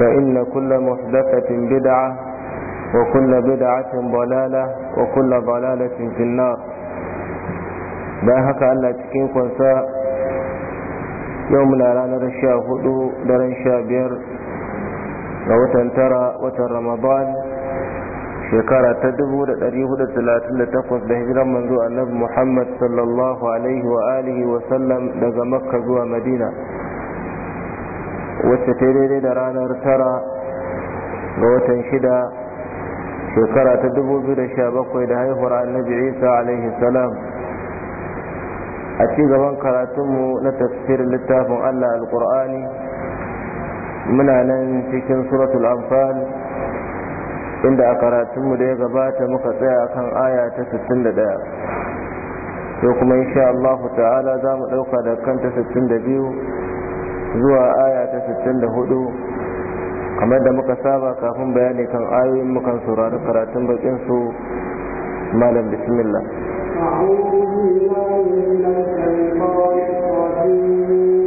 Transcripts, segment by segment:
فإن كل محدثة بدعة وكل بدعة ضلالة وكل ضلالة في النار da haka Allah cikin kwansa yau na ranar sha hudu daren sha biyar ga watan tara shekara ta dubu da dari hudu talatin da takwas da hijiran manzo annabi muhammad sallallahu alaihi wa sallam daga makka zuwa madina wacce ta daidai da ranar tara ga watan shida shekara ta dubu biyu da sha bakwai da haihuwar annabi isa alaihi salam a ci gaban karatunmu na tafsirin littafin allah alkur'ani muna nan cikin suratul anfal inda a karatunmu da ya gabata muka tsaya kan aya ta 61 to kuma insha Allah ta'ala za mu ɗauka da kanta sittin da biyu? zuwa aya ta 64 kamar da muka saba kafin bayani kan ayoyin mukan saurari karatun bakin su malam bismillah أعوذ بالله من الشيطان الرجيم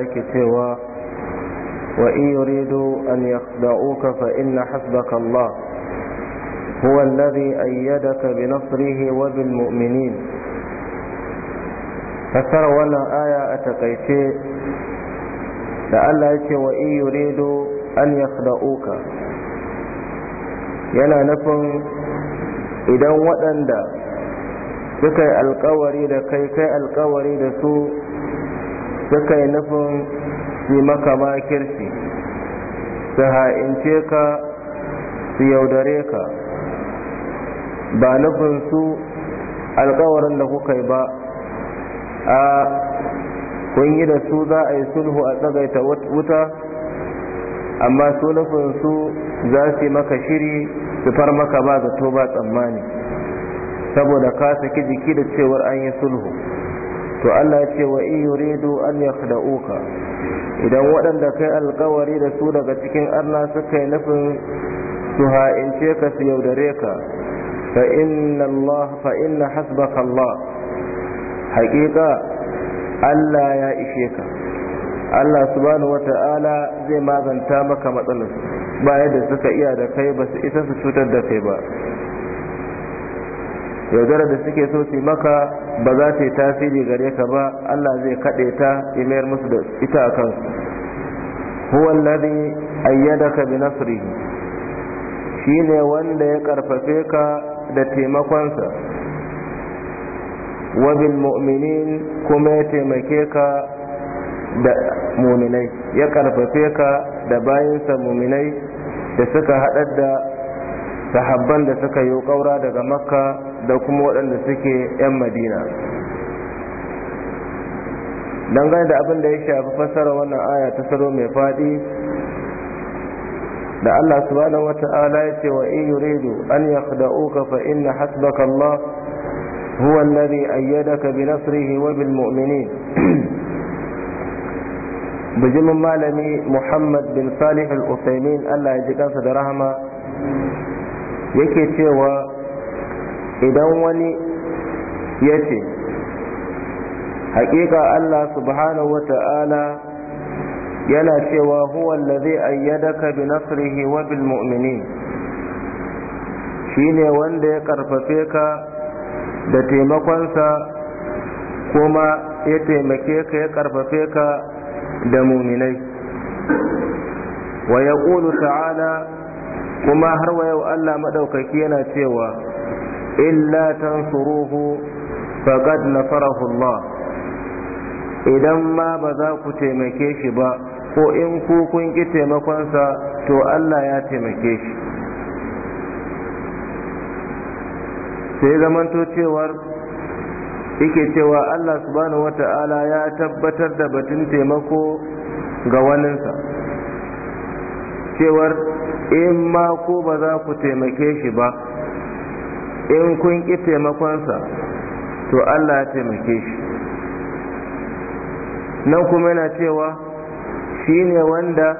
ta'ala yake cewa wa in yuridu an yakhda'uka fa inna hasbaka Allah huwa alladhi ayyadaka bi nasrihi wa bil mu'minin fasara wannan aya a takaice da Allah yake wa in yuridu an yakhda'uka yana nufin idan waɗanda suka yi alkawari da kai kai alkawari da su suka yi nufin su maka makirci su ha'ince ka su yaudare ka ba nufin su alkawarin da kuka yi ba a kun yi da su za a yi sulhu a tsagaita wuta amma su nufin su za su yi maka shiri su far maka ba zato ba tsammani saboda ka saki jiki da cewar an yi sulhu to Allah ce wa in yuridu an yakhda'uka idan waɗanda kai alkawari da su daga cikin Allah suka yi nufin su ha'ince ka su yaudare ka fa inna Allah fa inna hasbaka Allah haƙiƙa Allah ya ishe ka Allah subhanahu wata'ala zai maganta maka matsalar ba yadda suka iya da kai ba su isa su cutar da kai ba yaudarar da suke so su maka ba za ta yi tasiri gare ka ba Allah zai kaɗe ta imayar musu da ita a kansu huwa alladhi ayyadaka bi nasrihi shine wanda ya karfafe ka da taimakonsa wa bil mu'minin kuma ya taimake ka da muminai ya karfafe ka da bayinsa muminai da suka haɗar da sahabban da suka yi ƙaura daga makka da kuma waɗanda suke 'yan madina dangane da abin da ya shafi fassara wannan aya ta saro mai faɗi da Allah subhanahu wata'ala ya ce wa in yuridu an yakhda'uka fa inna hasbaka Allah huwa alladhi ayyadaka bi nasrihi wa bil mu'minin bijimin malami Muhammad bin Salih al-Uthaymeen Allah ya ji kansa da rahama yake cewa idan wani ya ce haƙiƙa Allah subhanahu wata'ala yana cewa huwa allazi ayyadaka bi nasrihi wa bil mu'minin shine wanda ya karfafe ka da taimakonsa kuma ya taimake ka ya karfafe ka da muminai wa yaqulu ta'ala kuma har wa yau Allah madaukaki yana cewa إلا تنصروه فقد نصره الله za ku بذاك shi ba, ko in ku kun ƙi taimakonsa to Allah ya taimake shi sai zamanto cewar yake cewa Allah subhanahu wata'ala ya tabbatar da batun taimako ga waninsa cewar in ma ko ba za ku taimake shi ba in kun ƙi taimakonsa to Allah ya taimake shi nan kuma yana cewa shi ne wanda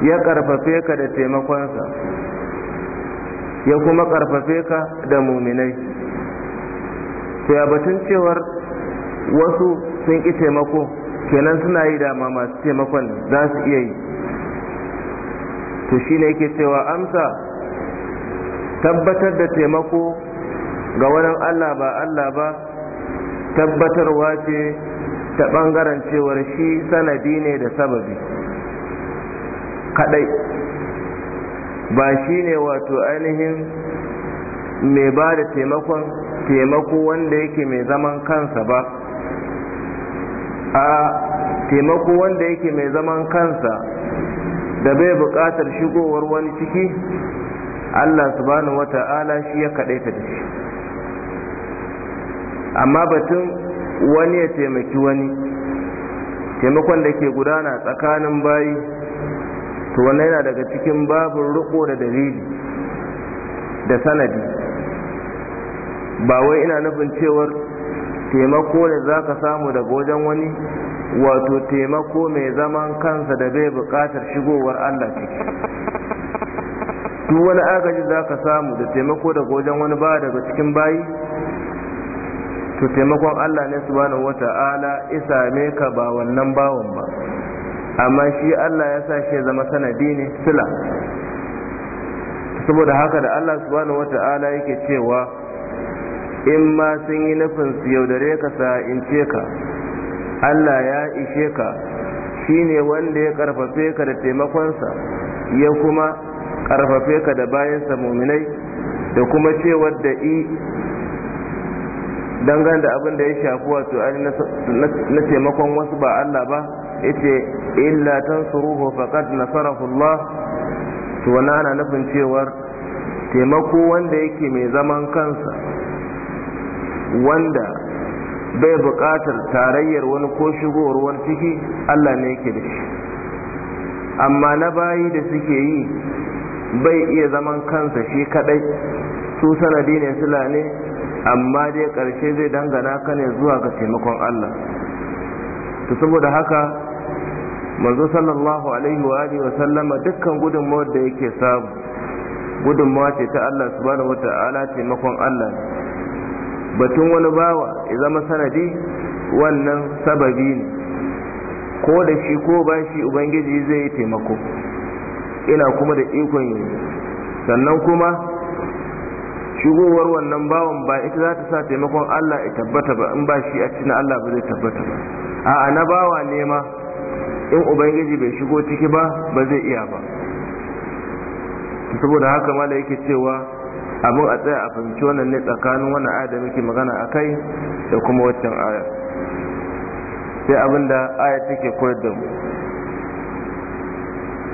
ya ƙarfafe ka da taimakonsa ya kuma ƙarfafe ka da muminai to ya batun cewar wasu sun ƙi taimako kenan suna yi dama masu taimakon za su iya yi to shi ne yake cewa amsa tabbatar da taimako ga wani Allah ba Allah ba tabbatarwa ce ta ɓangaren cewar shi sanadi ne da sababi kadai ba shi ne wato ainihin mai ba da taimakon taimako wanda yake mai zaman kansa ba a taimako wanda yake mai zaman kansa da bai buƙatar shigowar wani ciki Allah subhanahu wata'ala shi ya kaɗaita da shi amma batun wani ya taimaki wani taimakon da ke gudana tsakanin bayi to wannan yana daga cikin babin riko da dalili da sanadi ba wai ina nufin cewar taimako da za ka samu daga wajen wani wato taimako mai zaman kansa da bai buƙatar shigowar Allah ciki duk wani agaji za ka samu da taimako daga wajen wani ba daga cikin bayi to taimakon Allah ne subhanahu wata'ala ya same ka ba wannan bawan ba amma shi Allah ya sa shi zama sanadi ne sila saboda haka da Allah subhanahu wata'ala yake cewa in ma sun yi nufin su yaudare ka sa in ce ka Allah ya ishe ka shi ne wanda ya karfafe ka da taimakonsa ya kuma karfafe ka da bayansa muminai da kuma cewar da i dangan da abin da ya shafi wato na taimakon wasu ba Allah ba yace illa tansuruhu faqad nasarahu Allah to wannan ana nufin cewar taimako wanda yake mai zaman kansa wanda bai buƙatar tarayyar wani ko shigowar wani ciki Allah ne yake da shi amma na bayi da suke yi bai iya zaman kansa shi kadai su sanadi ne sula ne amma dai karshe zai dangana ka ne zuwa ga taimakon Allah to saboda haka manzo sallallahu alaihi wa alihi wa sallama dukkan gudunmawar da yake samu gudunmawa ce ta Allah subhanahu wata'ala taimakon Allah batun wani bawa ya zama sanadi wannan sababi ne ko da shi ko ba shi ubangiji zai yi taimako ina kuma da ikon yi sannan kuma shigowar wannan bawan ba ita za ta sa taimakon Allah ya tabbata ba in ba shi a cikin Allah ba zai tabbata ba a na bawa nema ma in ubangiji bai shigo ciki ba ba zai iya ba saboda haka mala yake cewa abin a tsaya a fahimci wannan ne tsakanin wannan aya da muke magana a kai da kuma waccan aya sai abin da aya take koyar da mu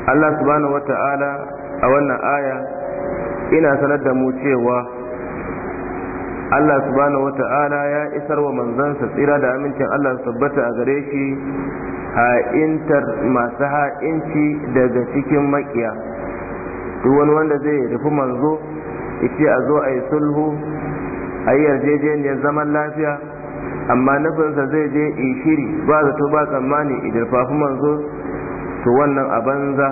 Allah subhanahu ta’ala a wannan aya ina sanar da mu cewa Allah subhanahu ta’ala ya isar wa manzansa tsira da amincin Allah su tabbata a gare shi ha'intar masu ha'inci daga cikin makiya duk wani wanda zai rufi manzo ce a zo a yi sulhu a yi yarjejeniyar zaman lafiya amma nufinsa zai je shiri ba zato ba tsammani idirfafi manzo to wannan a banza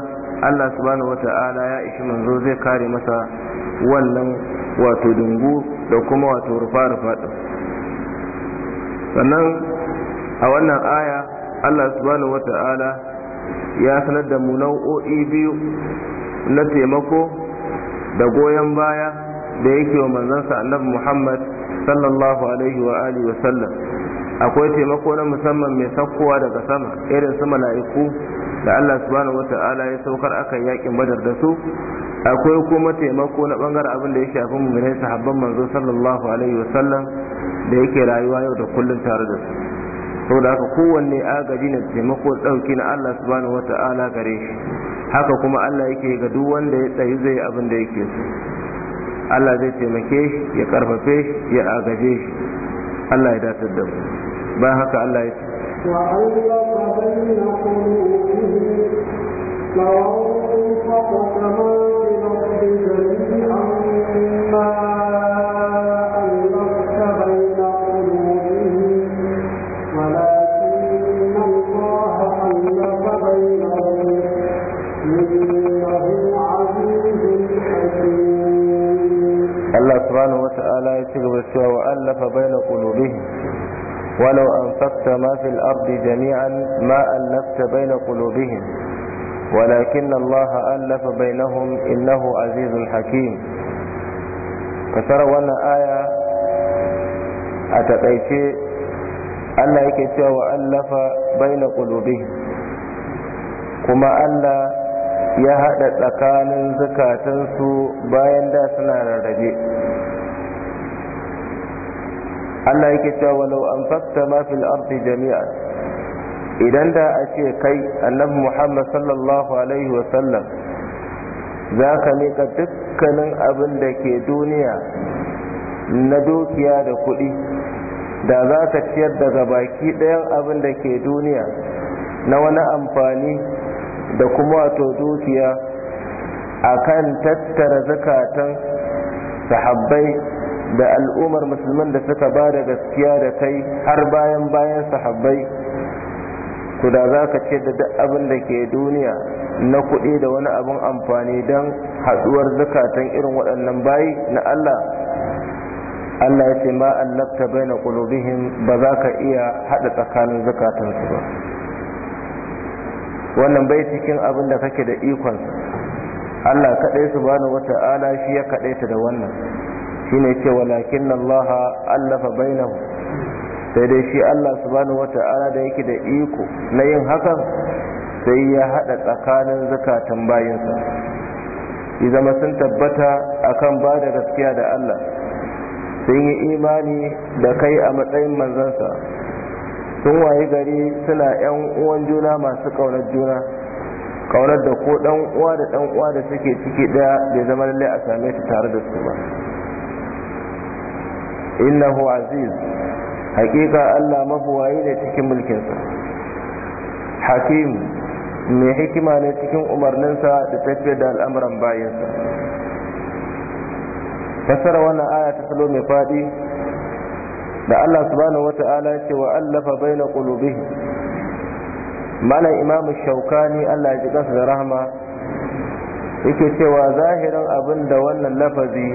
Allah subhanahu wata'ala ya ishi manzo zai kare masa wannan wato dungu da kuma wato rufa rufa din sannan a wannan aya Allah subhanahu wata'ala ya sanar da mu nau'o'i biyu na taimako da goyon baya da yake wa manzansa annabi Muhammad sallallahu alaihi wa alihi sallam akwai taimako na musamman mai sakkowa daga sama irin su mala'iku da Allah subhanahu wata'ala ya saukar akan yakin badar da su akwai kuma taimako na bangaren abin da ya shafi ne sahabban manzo sallallahu alaihi wasallam da yake rayuwa yau da kullum tare da su saboda haka kowanne agaji na taimako dauki na Allah subhanahu wata'ala gare shi haka kuma Allah yake ga duk wanda ya tsayi zai abin da yake so Allah zai taimake shi ya karfafe shi ya agaje shi Allah ya datar da mu bayan haka Allah ya ce وألف بين قلوبهم لو أنفقت ما في الأرض جميعا ما ألفت بين قلوبهم ولكن الله ألف بينهم إنه عزيز حكيم الله سبحانه وتعالى يتقبل السوء وألف بين قلوبهم ولو أنفقت ما في الأرض جميعا ما ألفت بين قلوبهم ولكن الله ألف بينهم إنه عزيز حكيم فسر وانا آية أتقيتي ألا يكتي وألف بين قلوبهم كما ألا يهدد أكان زكاة سو باين دا سنة رجيء Allah yake cewa walau anfaqta ma fil ardi idan da a ce kai annabi Muhammad sallallahu alaihi wa sallam za ka miƙa dukkanin abin da ke duniya na dukiya da kuɗi da za ka ciyar daga baki ɗayan abin da ke duniya na wani amfani da kuma wato dukiya akan tattara zakatan sahabbai da al'ummar musulman da suka ba da gaskiya da kai har bayan bayan sahabbai to da za ka ce da duk abin da ke duniya na kuɗi da wani abin amfani don haɗuwar zukatan irin waɗannan bayi na Allah Allah ya ce ma ta bai na ba za ka iya haɗa tsakanin zukatansu ba wannan bai cikin abin da kake da ikonsa Allah kaɗai su bani wata'ala shi ya kaɗaita da wannan shine ce walakin Allah allafa bainahu sai dai shi Allah subhanahu wata'ala da yake da iko na yin hakan sai ya hada tsakanin zakatan bayinsa ya zama sun tabbata akan ba da gaskiya da Allah sun yi imani da kai a matsayin manzansa sun waye gari suna yan uwan juna masu kaunar juna kaunar da ko dan uwa da dan uwa da suke ciki daya bai zama lallai a same su tare da su ba innahu aziz hakika Allah mabuwayi ne cikin mulkinsa hakim mai hikima ne cikin umarninsa da tafiyar da al'amuran bayansa fasara wannan aya ta salo mai faɗi da Allah subhanahu wata'ala ce wa allafa baina qulubihi malam imamu shaukani Allah ya ji kansa da rahama yake cewa zahirin abin da wannan lafazi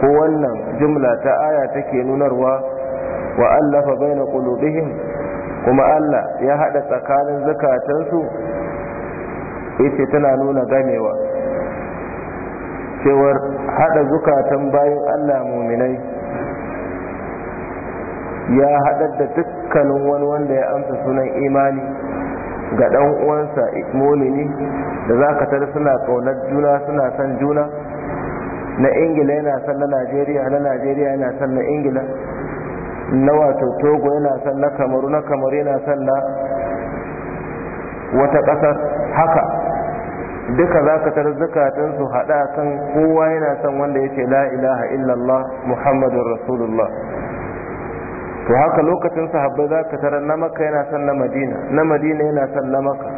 ko wannan jumla ta aya take nunarwa wa allafa baina qulubihim kuma Allah ya hada tsakanin zakatansu yace tana nuna ganewa cewar hada zukatan bayan Allah muminai ya haɗar da dukkanin wani wanda ya amsa sunan imani ga dan uwansa mumini da za ka tara suna kaunar juna suna son juna na ingila yana son na najeriya na najeriya yana son na ingila na wato togo yana son na kamaru na kamaru yana son na wata ƙasar haka duka za ka tara zukatansu haɗa kan kowa yana son wanda ya ce la ilaha illallah muhammadun rasulullah to haka lokacin sahabbai za ka tarar na maka yana son na madina na madina yana son na maka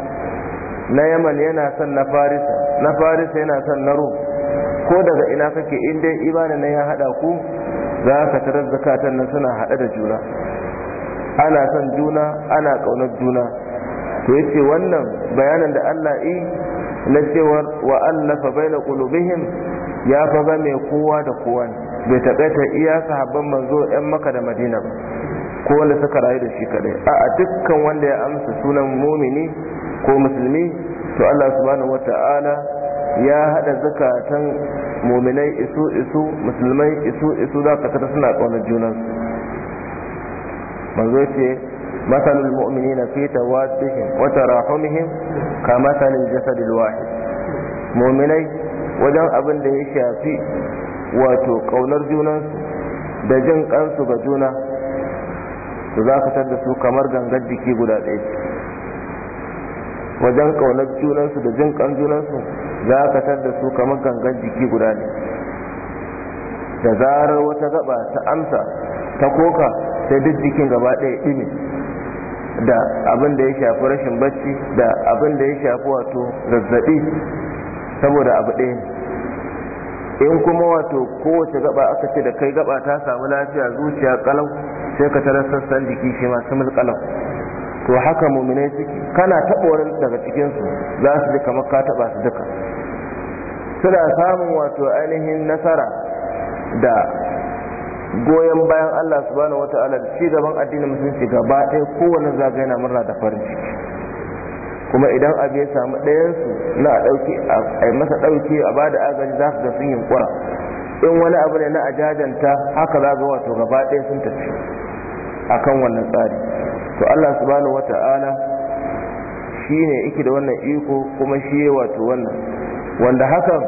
na yaman yana son na farisa na farisa yana son na rum ko daga ina kake inda dai ibada na ya hada ku za ka tarar zakatan nan suna hada da juna ana son juna ana kaunar juna to yace wannan bayanan da Allah yi na cewa wa allafa baina qulubihim ya fa mai kowa da kowa ne bai taƙaita iya sahabban manzo 'yan maka da madina ba ko wanda suka rayu da shi kaɗai. a dukkan wanda ya amsa sunan mumini ko musulmi to Allah subhanahu wata'ala ya hada zakatan muminai isu isu musulmai isu isu za ka tara suna ƙaunar junan manzo ce masalul mu'minina fi tawaddihim wa tarahumihim ka masalil jasadil wahid muminai wajen abin da ya shafi wato kaunar junansu da jin kansu ga juna su za ka da su kamar gangar jiki guda ɗaya wajen kaunar junansu da jin kan junansu za ka da su kamar gangar jiki guda ne da zarar wata gaba ta amsa ta koka sai duk jikin gaba ɗaya ɗime da abin da ya shafi rashin bacci da abin da ya shafi wato zazzaɓi saboda abu ɗaya in kuma wato kowace gaba aka ce da kai gaba ta samu lafiya zuciya kalau sai ka tarar sassan jiki shi masu kalau. to haka muminai suke kana taɓa wani daga cikinsu za su ji kamar ka taɓa su duka suna samun wato ainihin nasara da goyon bayan Allah subhanahu wata'ala da ci gaban addinin musulunci gaba ɗaya kowane zagaya na murna da farin ciki kuma idan abu ya samu ɗayansu na a ɗauke a masa ɗauke a bada agaji za su ga sun yunkura in wani abu ne na a jajanta haka za ga wato gaba ɗaya sun tafi a kan wannan tsari to Allah subhanahu wata'ala shi ne yake da wannan iko kuma shi ya wato wannan wanda hakan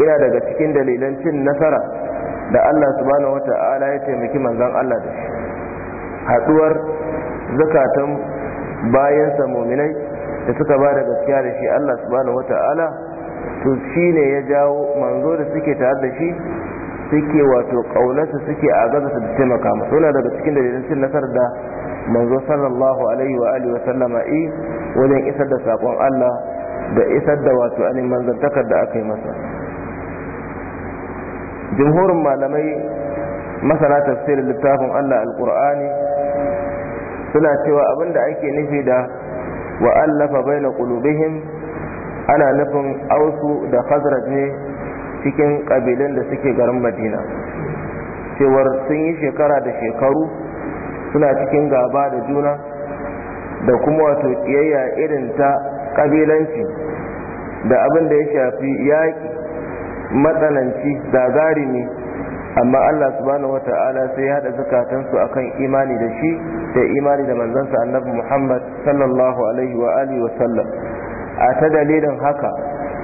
ina daga cikin dalilan cin nasara da Allah subhanahu wata'ala ya taimaki manzon Allah da shi haɗuwar zakatan bayan sa muminai da suka ba da gaskiya da shi Allah subhanahu wata'ala to shi ne ya jawo manzo da suke tare da shi suke wato kaunarsa suke a gaza su taimaka masa suna daga cikin dalilin cin nasarar da manzo sallallahu alaihi wa alihi wa sallama i wajen isar da sakon Allah da isar da wato anin manzantakar da aka yi masa jumhurin malamai masana tafsirin littafin Allah alqur'ani suna cewa abinda ake nufi da wa'allafa bai baina qulubihim ana nufin ausu da khazraj ne cikin ƙabilun da suke garin madina cewar sun yi shekara da shekaru suna cikin gaba da juna da kuma wato kiyayya irin ta ƙabilanci da abin da ya shafi yaƙi matsananci ne amma Allah subhanahu ta'ala sai ya hada su akan imani da shi da imani da manzansa annabi Muhammad sallallahu alaihi wa alihi wa sallam a ta dalilin haka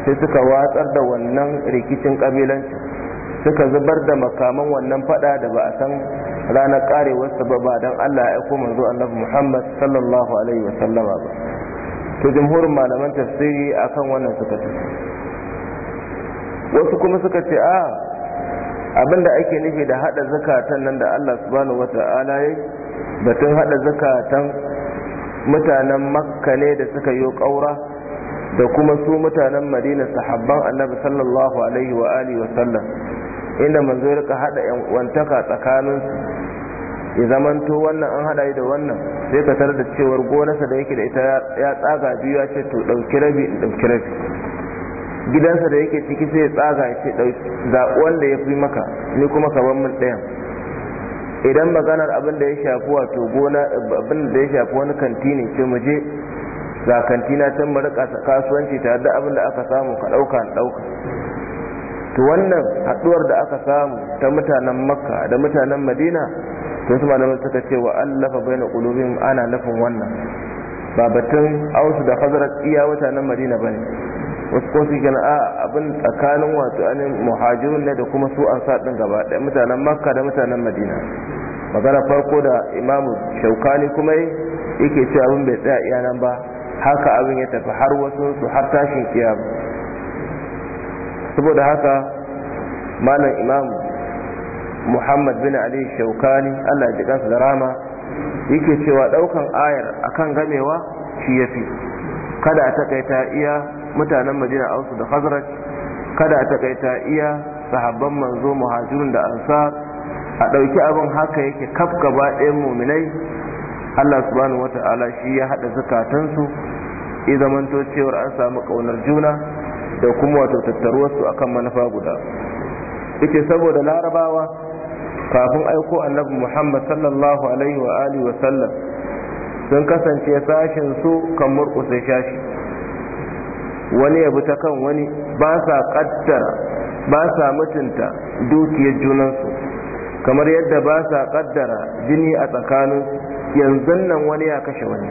sai suka watsar da wannan rikicin kabilanci suka zubar da makaman wannan fada da ba a san ranar karewarsa ba ba dan Allah ya aiko manzo annabi Muhammad sallallahu alaihi wa sallama ba to jumhurin malaman tafsiri akan wannan suka ce wasu kuma suka ce a abinda ake nufi da hada zakatan nan da Allah subhanahu wata'ala ya batun hada zakatan mutanen makka ne da suka yi kaura da kuma su mutanen madina sahabban annabi sallallahu alaihi wa alihi wa sallam inda manzo ya rika hada yan wantaka tsakanin ya zamanto wannan an hada da wannan sai ka tarar da cewar gonarsa da yake da ita ya tsaga biyu ya ce to dauki rabi dauki rabi gidansa da yake ciki sai ya tsaga ya ce wanda ya fi maka ni kuma ka ban min ɗayan idan maganar abin da ya shafi wato gona abin da ya shafi wani kanti ne ce mu je ga kantina can mu rika kasuwanci tare da abin da aka samu ka ɗauka ɗauka to wannan haɗuwar da aka samu ta mutanen makka da mutanen madina to su malamai suka ce wa allafa baina qulubihim ana nufin wannan ba batun ausu da khazraj iya mutanen madina bane wasu ko su gina a abin tsakanin wato anin muhajirun ne da kuma su an saɗin gaba ɗaya mutanen makka da mutanen madina magana farko da imamu shaukani kuma yake cewa abin bai tsaya iya ba haka abin ya tafi har wasu su har tashin kiyama saboda haka malam imamu muhammad bin ali shaukani allah ya ji kansa da rama yake cewa ɗaukan ayar akan gamewa shi ya fi kada a takaita iya mutanen madina ausu da khazraj kada a takaita iya sahabban manzo muhajirun da ansar a ɗauki abin haka yake kaf gaba ɗayan muminai Allah subhanahu wata'ala shi ya haɗa zakatansu ya zamanto cewar an samu ƙaunar juna da kuma wato tattaruwarsu akan manufa guda yake saboda larabawa kafin aiko annabi muhammad sallallahu alaihi wa alihi wa sallam sun kasance sashin su kan murƙusa shashi wani ya ta kan wani ba sa kaddara ba sa mutunta dukiyar junansu kamar yadda ba sa kaddara jini a tsakanin yanzu nan wani ya kashe wani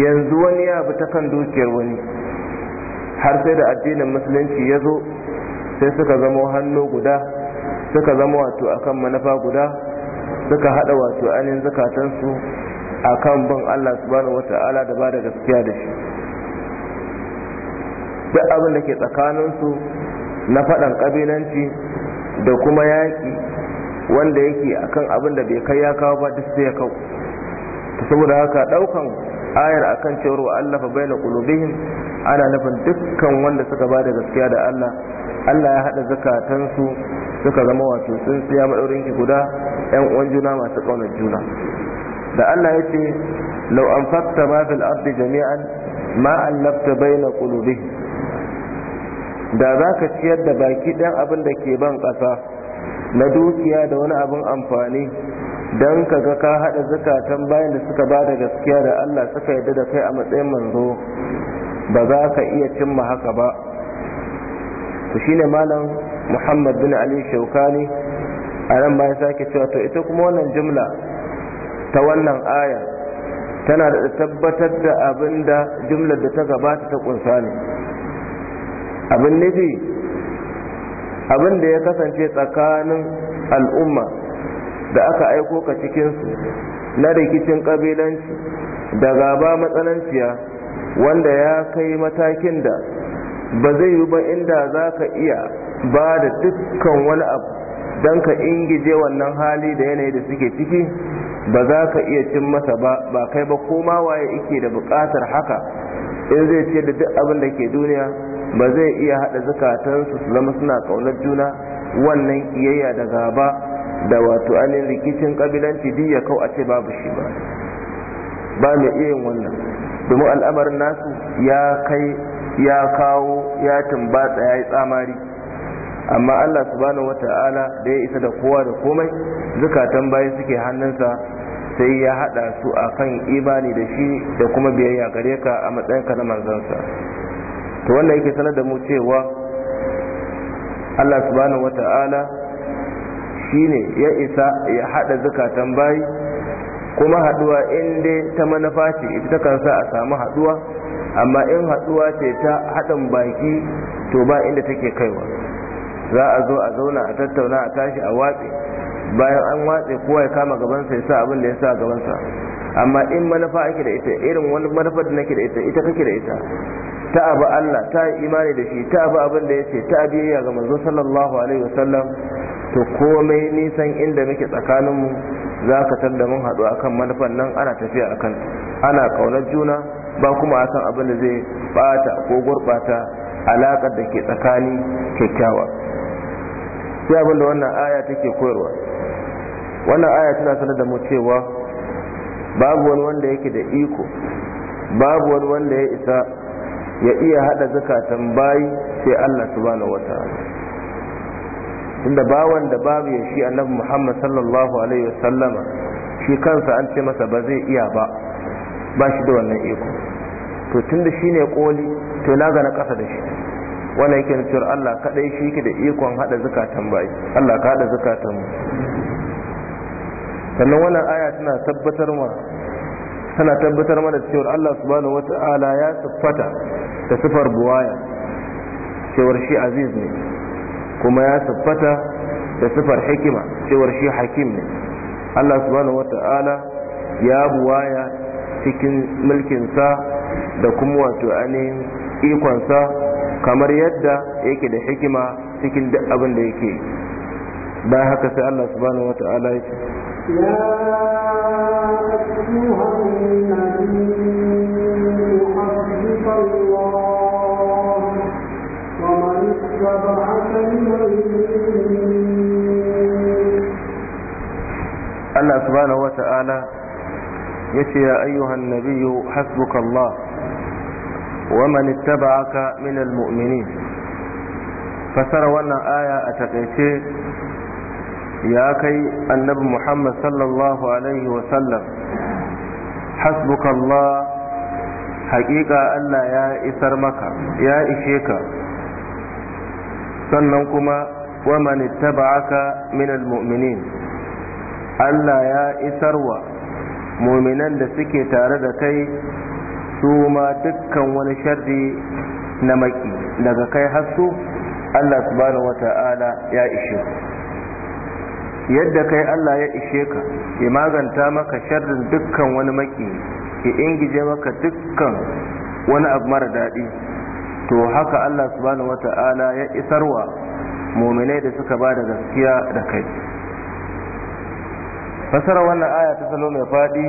yanzu wani ya bi ta kan dukiyar wani har sai da addinin musulunci ya zo sai suka zama hannu guda suka zama wato akan manufa guda suka hada wato ainihin zukatansu akan ban Allah subhanahu wata'ala da ba da gaskiya da shi duk abin da ke tsakaninsu na faɗan ƙabilanci da kuma yaƙi wanda yake akan abin da bai kai ya kawo ba duk sai ya kawo saboda haka ɗaukan ayar akan cewar wa Allah fa bayyana qulubihim ana nufin dukkan wanda suka ba da gaskiya da Allah Allah ya hada zakatansu suka zama wato sun siya madaurin ki guda yan uwan juna masu kaunar juna da Allah ya ce law anfaqta ma fil ardi jami'an ma allafta baina qulubihim da za ka ciyar da baki ɗan abin da ke ban ƙasa na dukiya da wani abin amfani don ka ga ka haɗa zukatan bayan da suka ba da gaskiya da allah suka yarda da kai a matsayin manzo ba za ka iya cimma haka ba shi shine malam muhammad bin ali shaukani a nan bayan sake cewa to ita kuma wannan jumla ta wannan aya tana da tabbatar da abin da jumlar da ta gabata ta ƙunsa ne abin nufi abin da ya kasance tsakanin al'umma da aka aiko ka cikinsu na rikicin kabilanci da gaba matsananciya wanda ya kai matakin da ba zai yi ba inda za ka iya ba da dukkan wani abu don ka ingije wannan hali da yanayi da suke ciki ba za ka iya cin masa ba ba kai ba koma waye ike da buƙatar haka in zai ce da duk abin da ke duniya ba zai iya haɗa zukatansu su zama suna ƙaunar juna wannan kiyayya da gaba da wato ainihin rikicin kabilanci duk ya kau a ce babu shi ba ba mai iya yin wannan domin al'amarin nasu ya kai ya kawo ya tumbatsa ya yi tsamari amma Allah subhanahu wata'ala da ya isa da kowa da komai zukatan bayan suke hannunsa sai ya haɗa su a kan imani da shi da kuma biyayya gare ka a matsayinka na manzansa to wannan yake sanar da mu cewa Allah subhanahu wata'ala shine ya isa ya hada zakatan bayi kuma haduwa inda ta manufa ce ita ta sa a samu haduwa amma in haduwa ce ta haɗin baki to ba inda take kaiwa za a zo a zauna a tattauna a tashi a watse bayan an watse kowa ya kama gabansa ya sa abin da ya sa gabansa amma in manufa ake da ita irin wani manafa da nake da ita ita kake da ita ta abu Allah ta yi imani da shi ta abu abin da ya ce ta biyayya ga manzo sallallahu alaihi wasallam to komai nisan inda muke tsakaninmu za ka san mun haɗu akan manufan nan ana tafiya akan ana ƙaunar juna ba kuma akan abin da zai bata ko gurɓata alaƙar da ke tsakani kyakkyawa sai abin da wannan aya take koyarwa wannan aya tana sanar da mu cewa babu wani wanda yake da iko babu wani wanda ya isa ya iya hada zakatan bayi sai Allah subhanahu ta'ala tunda bawan da babu ya shi annabi Muhammad sallallahu alaihi wasallama shi kansa an ce masa ba zai iya ba ba shi da wannan iko to tunda shine koli to na ga na kasa da shi wannan yake nufin Allah kadai shi yake da ikon hada zakatan bayi Allah ka hada zakatan sannan wannan aya tana tabbatar ma tana tabbatar mana cewar Allah subhanahu wata'ala ya siffata da sifar buwaya cewar shi aziz ne kuma ya siffata da sifar hikima cewar shi hakim ne Allah subhanahu wata'ala ya buwaya cikin mulkinsa da kuma wato ainihin ikonsa kamar yadda yake da hikima cikin duk abin da yake bayan haka sai Allah subhanahu wata'ala ya ce الله سبحانه وتعالى يتي يا أيها النبي حسبك الله ومن اتبعك من المؤمنين فسروا أن آية أتقيتين ya kai annabi muhammad sallallahu alaihi wasallam hasbuka haƙiƙa Allah ya isar maka ya ishe ka sannan kuma wa man ittaba'aka min almu'minin Allah ya isarwa mu'minan da suke tare da kai su ma dukkan wani sharri na maki daga kai hasu Allah subhanahu ta'ala ya ishe yadda kai Allah ya ishe ka ya maganta maka sharrin dukkan wani maki ya ingije maka dukkan wani abu mara daɗi to haka Allah subhanahu wata'ala ya isarwa muminai da suka ba da gaskiya da kai fasara wannan aya ta salo mai faɗi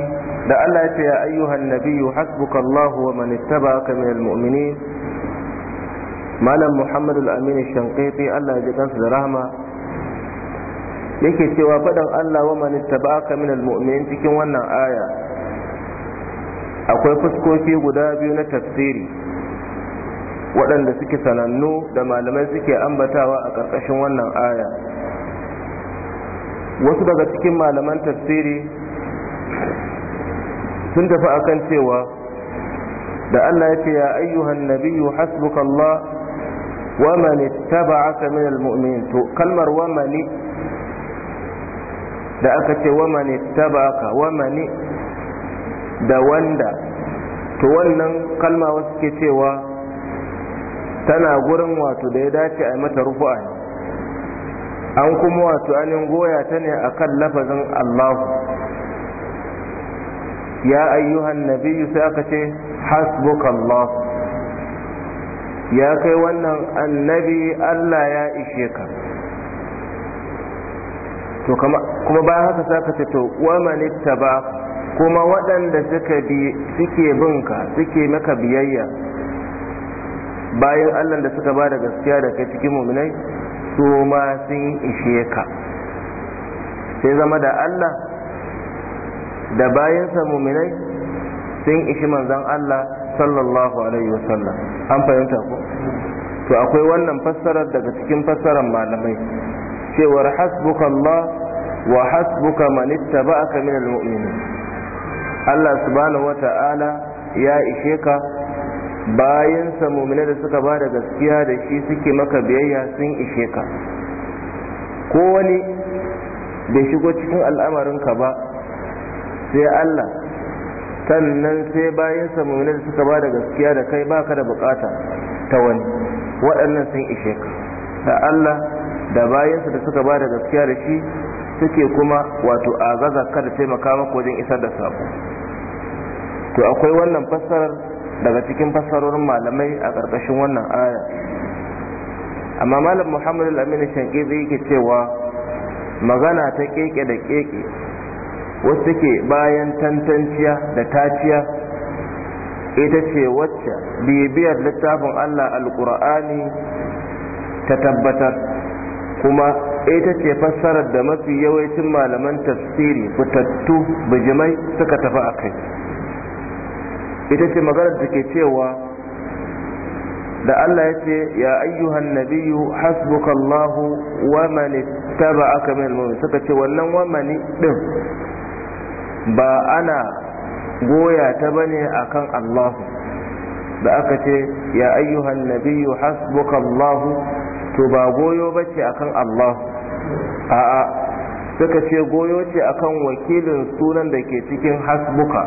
da Allah ya ce ya ayyuhan nabiyyu hasbuka Allahu wa man ittaba'aka minal mu'minin malam Muhammadu al-Amin Allah ya ji kansa da rahma yake cewa faɗin Allah wa man ittaba'aka min almu'minin cikin wannan aya akwai fuskoki guda biyu na tafsiri waɗanda suke sanannu da malamai suke ambatawa a ƙarƙashin wannan aya wasu daga cikin malaman tafsiri sun tafi akan cewa da Allah ya ce ya ayyuhan nabiyyu hasbuka Allah wa man ittaba'aka min almu'minin to kalmar wa man da aka ce wa mani tabaka wa mani da wanda to wannan kalma wasu ke cewa tana gurin wato da ya dace a mata rufu'a ne an kuma wato anin goya ta ne a kan lafazin allahu ya ayyuhan nabiyu sai aka ce hasbuka ya kai wannan annabi allah ya ishe ka to kuma bayan haka saka ce to wa manitta ba kuma waɗanda suka bi suke binka suke maka biyayya bayan allah da suka ba da gaskiya da kai cikin muminai su ma sun ishe ka sai zama da allah da bayansa muminai sun ishi manzan allah sallallahu alaihi wasallam an fahimta ko to akwai wannan fassarar daga cikin fassarar malamai cewar hasbuka Allah wa hasbuka man ittaba'aka min almu'minin Allah subhanahu ta’ala ya ishe ka bayan sa mu'mina da suka ba da gaskiya da shi suke maka biyayya sun ishe ka ko wani bai shigo cikin al'amarinka ba sai Allah sannan sai bayan sa mu'mina da suka ba da gaskiya da kai baka da bukata ta wani waɗannan sun ishe ka da Allah da bayansa da suka ba da gaskiya da shi suke kuma wato agaza kada taimaka maka wajen isar da sabo, to akwai wannan fassarar daga cikin fassarorin malamai a ƙarƙashin wannan aya amma malam muhammadu al-aminu zai yake cewa magana ta keke da keke wasu take bayan tantanciya da taciya ita ce wacce bibiyar littafin allah al-qur'ani ta tabbatar kuma ita ce fassarar da mafi yawancin malaman tafsiri fitattu bijimai suka tafi a kai ita ce maganar da ke cewa da Allah ya ce ya ayyuhan nabiyu hasbuka Allahu wa man ittaba'aka min al-mu'minin suka ce wannan wa man din ba ana goya ta bane akan allah da aka ce ya ayyuhan nabiyu hasbuka Allahu to ba goyo ba ce akan Allah a'a suka ce goyo ce akan wakilin sunan da ke cikin hasbuka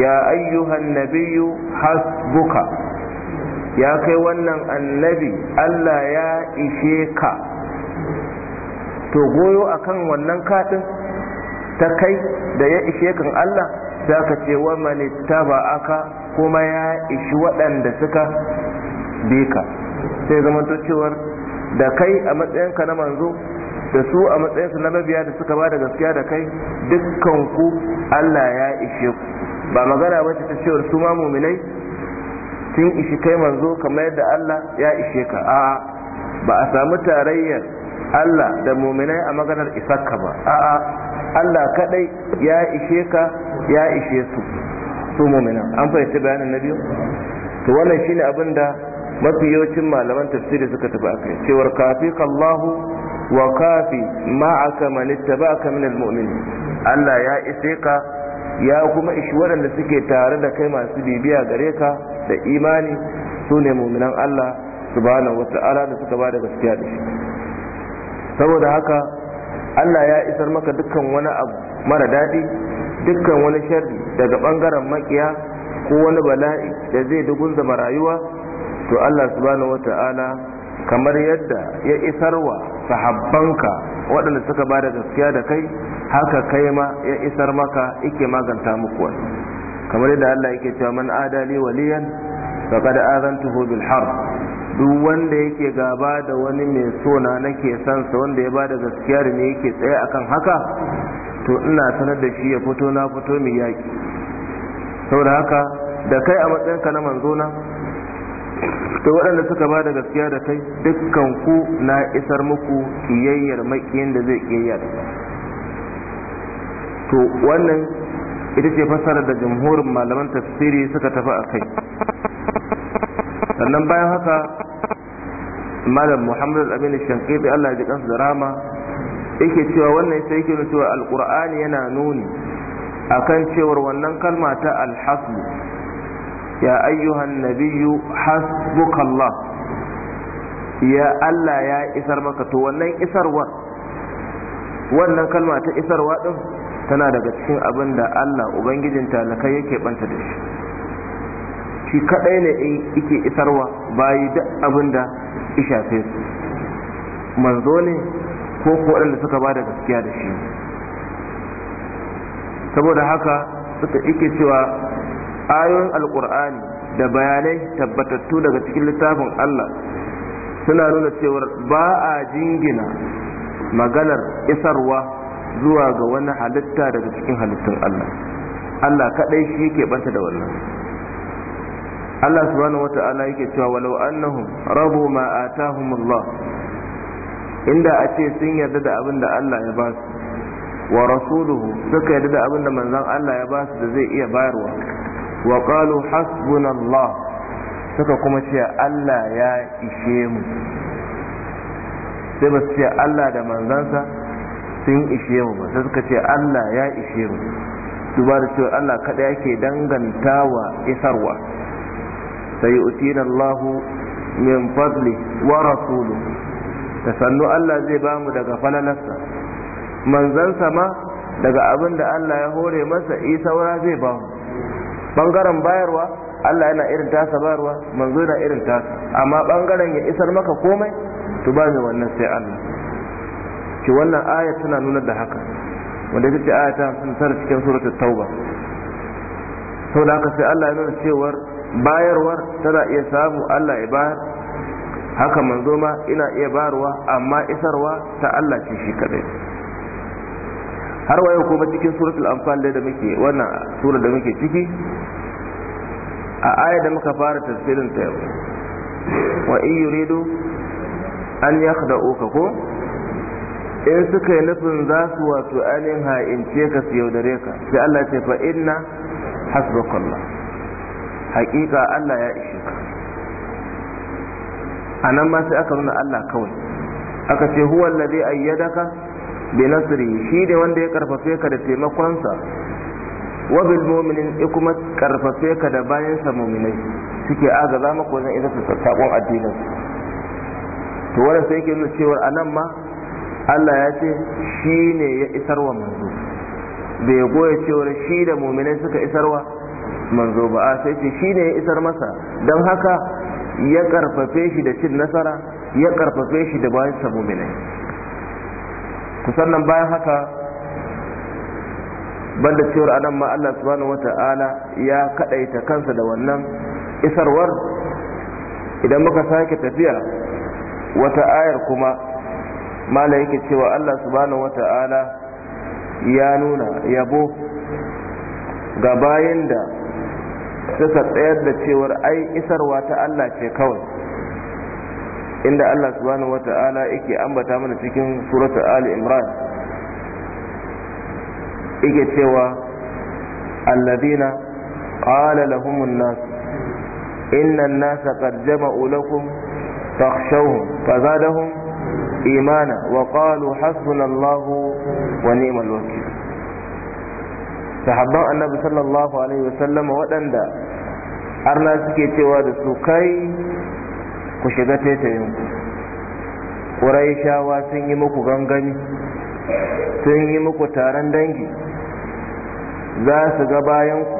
ya ayyuhan nabiyu hasbuka ya kai wannan annabi Allah ya ishe ka to goyo akan wannan katin ta kai da ya ishe kan Allah za ka ce wa manita aka kuma ya ishi waɗanda suka bi ka sai zama cewar da kai a matsayinka na manzo da su a matsayinsu na mabiya da suka ba da gaskiya da kai dukkan ku Allah ya ishe ku ba magana ba ta cewar su ma muminai sun ishi kai manzo kamar yadda Allah ya ishe ka a ba a samu tarayyar Allah da muminai a maganar isakka ba a'a Allah kadai ya ishe ka ya ishe su su muminan an fahimci bayanin na biyu to wannan shine abin da mafiyocin malaman tafsiri suka tafi akai cewar kafi Allahu wa kafi manitta ba aka minal mu'mini Allah ya ise ka ya kuma ishi waɗanda suke tare da kai masu bibiya gare ka da imani su ne mu'minan Allah subhanahu wata'ala da suka ba da gaskiya da shi saboda haka Allah ya isar maka dukkan wani abu mara daɗi dukkan wani sharri daga ɓangaren makiya ko wani bala'i da zai dugunzama rayuwa to Allah subhanahu wata'ala kamar yadda ya isarwa sahabbanka waɗanda suka ba da gaskiya da kai haka kai ma ya isar maka yake maganta muku wani kamar yadda Allah yake cewa man adali waliyan faqad azantuhu bil harb duk wanda yake gaba da wani mai sona nake sa, wanda ya ba da gaskiya da ne yake tsaye akan haka to ina sanar da shi ya fito na fito mai yaƙi saboda haka da kai a matsayinka na manzona to waɗanda suka ba da gaskiya da kai dukkan ku na isar muku kiyayyar makiyin da zai kiyayya da to wannan ita ce fasarar da jamhurin malaman tafsiri suka tafi a kai sannan bayan haka malam muhammad al-amin shankiti allah ji kansu da rama yake cewa wannan sai yake nuna cewa alqur'ani yana nuni akan cewar wannan kalma ta alhaslu يا أيها النبي حسبك الله يا ألا يا إسر مكة ونن إسر و ونن كلمة إسر و tana daga cikin abin da Allah Ubangijin talakai yake banta da shi shi kadai ne yake isarwa bayi duk abin da ishafe su manzo ne ko ko waɗanda suka ba da gaskiya da shi saboda haka suka ike cewa ayoyin alkur'ani da bayanai tabbatattu daga cikin littafin Allah suna nuna cewar ba a jingina maganar isarwa zuwa ga wani halitta daga cikin halittun Allah Allah kadai shi yake banta da wannan Allah subhanahu wata'ala yake cewa walau annahum rabu ma Allah inda a ce sun yarda da abin da Allah ya ba su wa rasuluhu suka yarda da abin da manzon Allah ya ba su da zai iya bayarwa wa qalu hasbunallah suka kuma ce Allah ya ishe mu sai ba ce Allah da manzansa sun ishe mu ba sai suka ce Allah ya ishe mu duba da cewa Allah kada yake dangantawa isarwa sai utina Allah min fadli wa rasulu ta sannu Allah zai ba mu daga falalarsa manzansa ma daga abin da Allah ya hore masa isa zai ba mu bangaren bayarwa Allah yana irin tasa bayarwa manzo yana irin tasa amma bangaren ya isar maka komai to ba mai wannan sai Allah ki wannan aya tana nuna da haka wanda ita ce aya ta 59 cikin suratul tauba saboda haka sai Allah ya nuna cewar bayarwar tana iya samu Allah ya bayar haka manzo ma ina iya bayarwa amma isarwa ta Allah ce shi kadai har wayo kuma cikin suratul anfal da muke wannan sura da muke ciki a aya da muka fara tafsirin ta yau wa in yuridu an uka ko in suka yi nufin za su wato ainihin ha'ince ka su yaudare ka sai Allah ce fa inna kwallo. Hakika Allah ya ishe ka a nan ma sai aka nuna Allah kawai aka ce huwa alladhi ayyadaka bi nasri shi ne wanda ya karfafe ka da taimakonsa wa mu'minin kuma karfafe ka da bayan sa mu'minai suke agaza maka wajen idan su tsakon addinin to wannan sai yake nuna cewa anan ma Allah ya ce shi ya isarwa manzo bai goya cewa shi da mu'minai suka isarwa manzo ba a sai ce shi ne ya isar masa don haka ya karfafe shi da cin nasara ya karfafe shi da bayan sa mu'minai kusan nan bayan haka banda cewar anan ma Allah subhanahu wata'ala ya kadaita kansa da wannan isarwar idan muka sake tafiya wata ayar kuma mala yake cewa Allah subhanahu wata'ala ya nuna yabo ga bayan da suka tsayar da cewar ai isarwa ta Allah ce kawai inda Allah subhanahu wata'ala yake ambata mana cikin suratul Ali Imran yake cewa alladina qala lahum an-nas inna an-nas qad jama'u lakum takhshawhum fazadahum imana wa qalu hasbuna Allah wa ni'mal wakeel sahabban annabi sallallahu alaihi wasallam waɗanda arna suke cewa da su kai ku shiga tetayen ku shawa sun yi muku gangami sun yi muku taron dangi za su ga bayan ku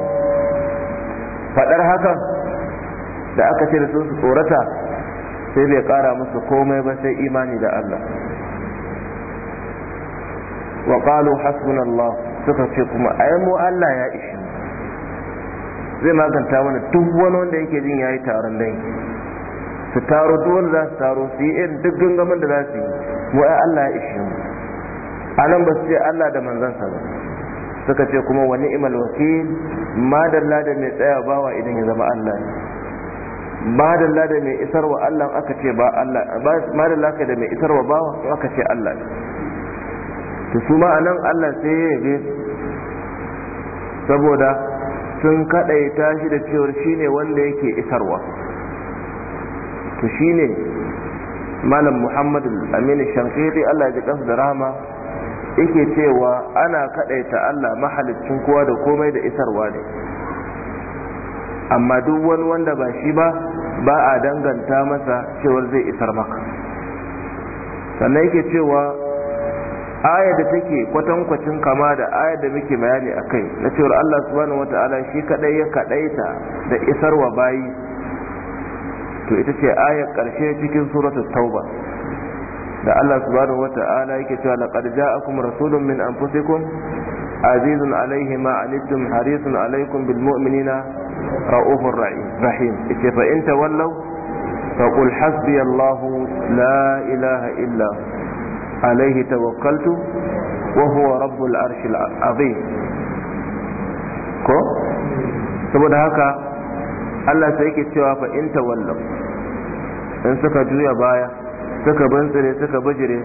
faɗar hakan da aka ce da su su tsorata sai bai ƙara musu komai ba sai imani da Allah wa qalu hasbunallah suka ce kuma ai mu Allah ya ishi zai maganta mana duk wani wanda yake jin yayi taron dangi su taro duk wanda za su taro su yi irin duk gangamin da za su yi mu ai Allah ya ishi mu a nan ba su ce Allah da manzansa ba suka ce kuma wani imal wakil madalla da mai tsaya bawa idan ya zama Allah madalla da mai isarwa Allah aka ce ba Allah madalla ka da mai isarwa bawa aka ce Allah to su ma anan Allah sai ya je saboda sun kadaita shi da cewar shine wanda yake isarwa to shine malam Muhammad Aminu Shankiri Allah ya ji kansa da rahama yake cewa ana kaɗaita Allah mahalicin kowa da komai da isarwa ne amma duk wani wanda ba shi ba ba a danganta masa cewar zai isar maka sannan yake cewa ayar da take kwatankwacin kama da ayar da muke bayani a kai na cewar Allah subhanahu ta'ala shi kaɗai ya kaɗaita da isarwa bayi to ita ce ayar karshe cikin suratul tauba da Allah subhanahu wata'ala yake cewa laqad ja'akum rasulun min anfusikum azizun alaihi ma anittum harisun alaikum bil mu'minina ra'ufur rahim ite fa in tawallaw faqul hasbiyallahu la ilaha illa alaihi tawakkaltu wa huwa rabbul arshil azim ko saboda haka Allah sai yake cewa fa in tawallaw in suka juya baya suka bantsire suka bijire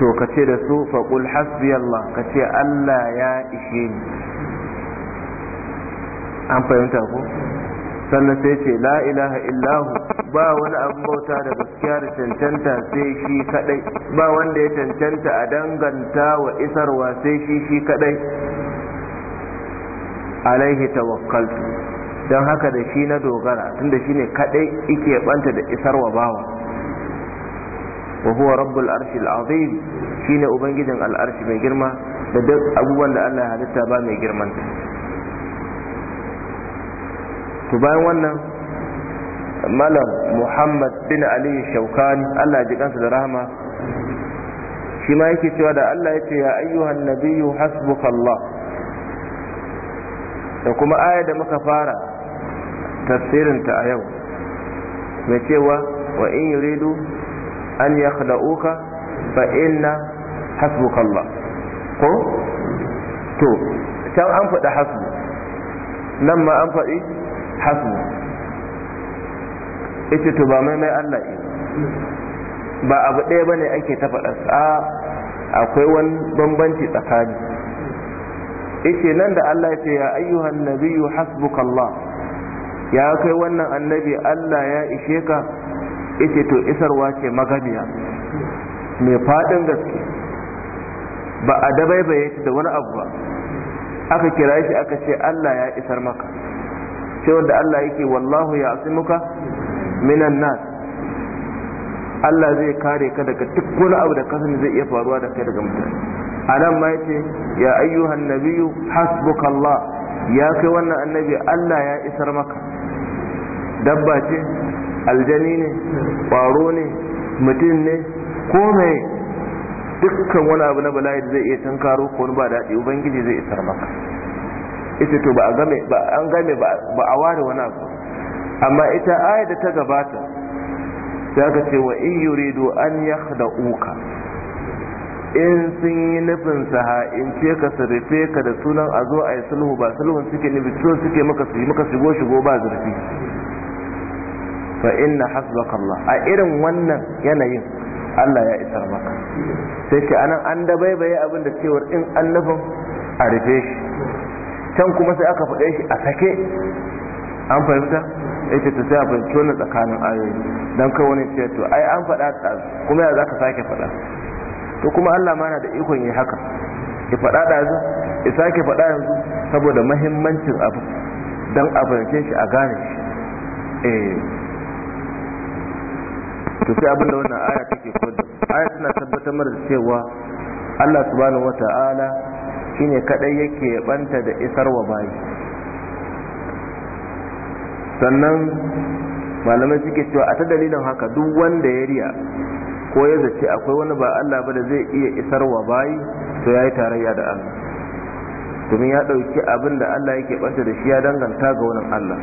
to ka ce da su faƙul hasbi Allah ka ce Allah ya ishe ni an fahimta ko sannan sai ce la ilaha illahu ba wani abin bauta da gaskiya da cancanta sai shi kadai ba wanda ya cancanta a danganta wa isarwa sai shi shi kadai alaihi tawakkaltu don haka da shi na dogara tunda shi ne kaɗai ike banta da isarwa bawa wa huwa rabbul arshi al'azim shi ubangijin al'arshi mai girma da duk abubuwan da Allah ya halitta ba mai girman to bayan wannan malam muhammad bin ali shaukani Allah ji kansa da rahama shi ma yake cewa da Allah ya ce ya ayyuhan nabiyyu hasbukallah da kuma aya da muka fara tafsirinta a yau mai cewa wa in yuridu an ya khala'uka fa inna hasbukallah ko to can an faɗi hasbu nan ma an faɗi hasbu ita to ba mai mai Allah ba abu ɗaya ne ake ta faɗa a akwai wani bambanci tsakani ita nan da Allah ya ce ya ayyuhan nabiyyu hasbukallah ya kai wannan annabi Allah ya ishe ka ita to isarwa ce magamiya mai faɗin gaske ba a dabaibaye ce da wani abu ba aka kira shi aka ce Allah ya isar maka sai wanda Allah yake wallahu ya asimuka minan nas Allah zai kare ka daga duk wani abu da kasan zai iya faruwa da kai daga mutane a nan ma yace ya ayyuhan nabiyyu hasbuka Allah ya kai wannan annabi Allah ya isar maka dabba ce aljani ne ƙwaro ne mutum ne ko mai dukkan wani abu na bala'i zai iya karo ko wani ba daɗi ubangiji zai isar maka ita to ba an game ba a ware wani abu amma ita aya da ta gabata ta ka ce wa in yuridu an uka. in sun yi nufin saha in ce ka sarrafe ka da sunan a zo a yi sulhu ba sulhun suke nufi so suke maka su yi maka shigo shigo ba zurfi fa inna hasbaka Allah a irin wannan yanayin Allah ya isar maka sai ke anan an bai abin da cewar in annabin a rufe shi can kuma sai aka faɗe shi a sake an fahimta yake ta sai a fahimci wannan tsakanin ayoyi dan kai wani ce to ai an faɗa kuma ya zaka sake faɗa to kuma Allah ma na da ikon yi haka ki faɗa zu, ki sake faɗa yanzu saboda mahimmancin abu don a fahimce shi a gane shi eh to sai abinda wannan aya take koyar da aya tana tabbatar mana cewa Allah subhanahu wata'ala shine kadai yake banta da isarwa bayi sannan malamai suke cewa a ta dalilin haka duk wanda ya riya ko ya zace akwai wani ba Allah ba da zai iya isarwa bayi to yayi tarayya da Allah domin ya dauki abin da Allah yake banta da shi ya danganta ga wannan Allah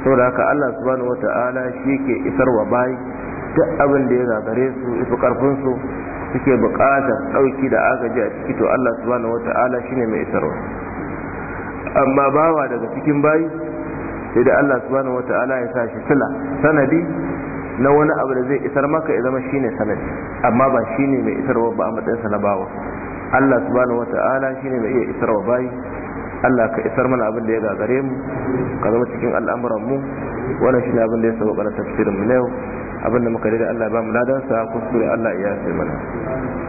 saboda haka Allah subhanahu wata'ala shi ke isarwa bayi duk abin da ya zagare su ifi karfin su suke buƙatar dauki da agaji a ciki to Allah subhanahu wata'ala shine mai isarwa amma bawa daga cikin bayi sai da Allah subhanahu wata'ala ya sa shi sila sanadi na wani abu da zai isar maka ya zama shine sanadi amma ba shine mai isarwa ba a matsayinsa na bawa Allah subhanahu wata'ala shine mai iya isarwa bayi Allah ka isar mana abin da ya gagare mu ka zama cikin al'amuran mu wannan shi ne abin da ya saba kana tafsirin mu ne abin da muka rida Allah ba mu ladansa kuskure Allah ya sai mana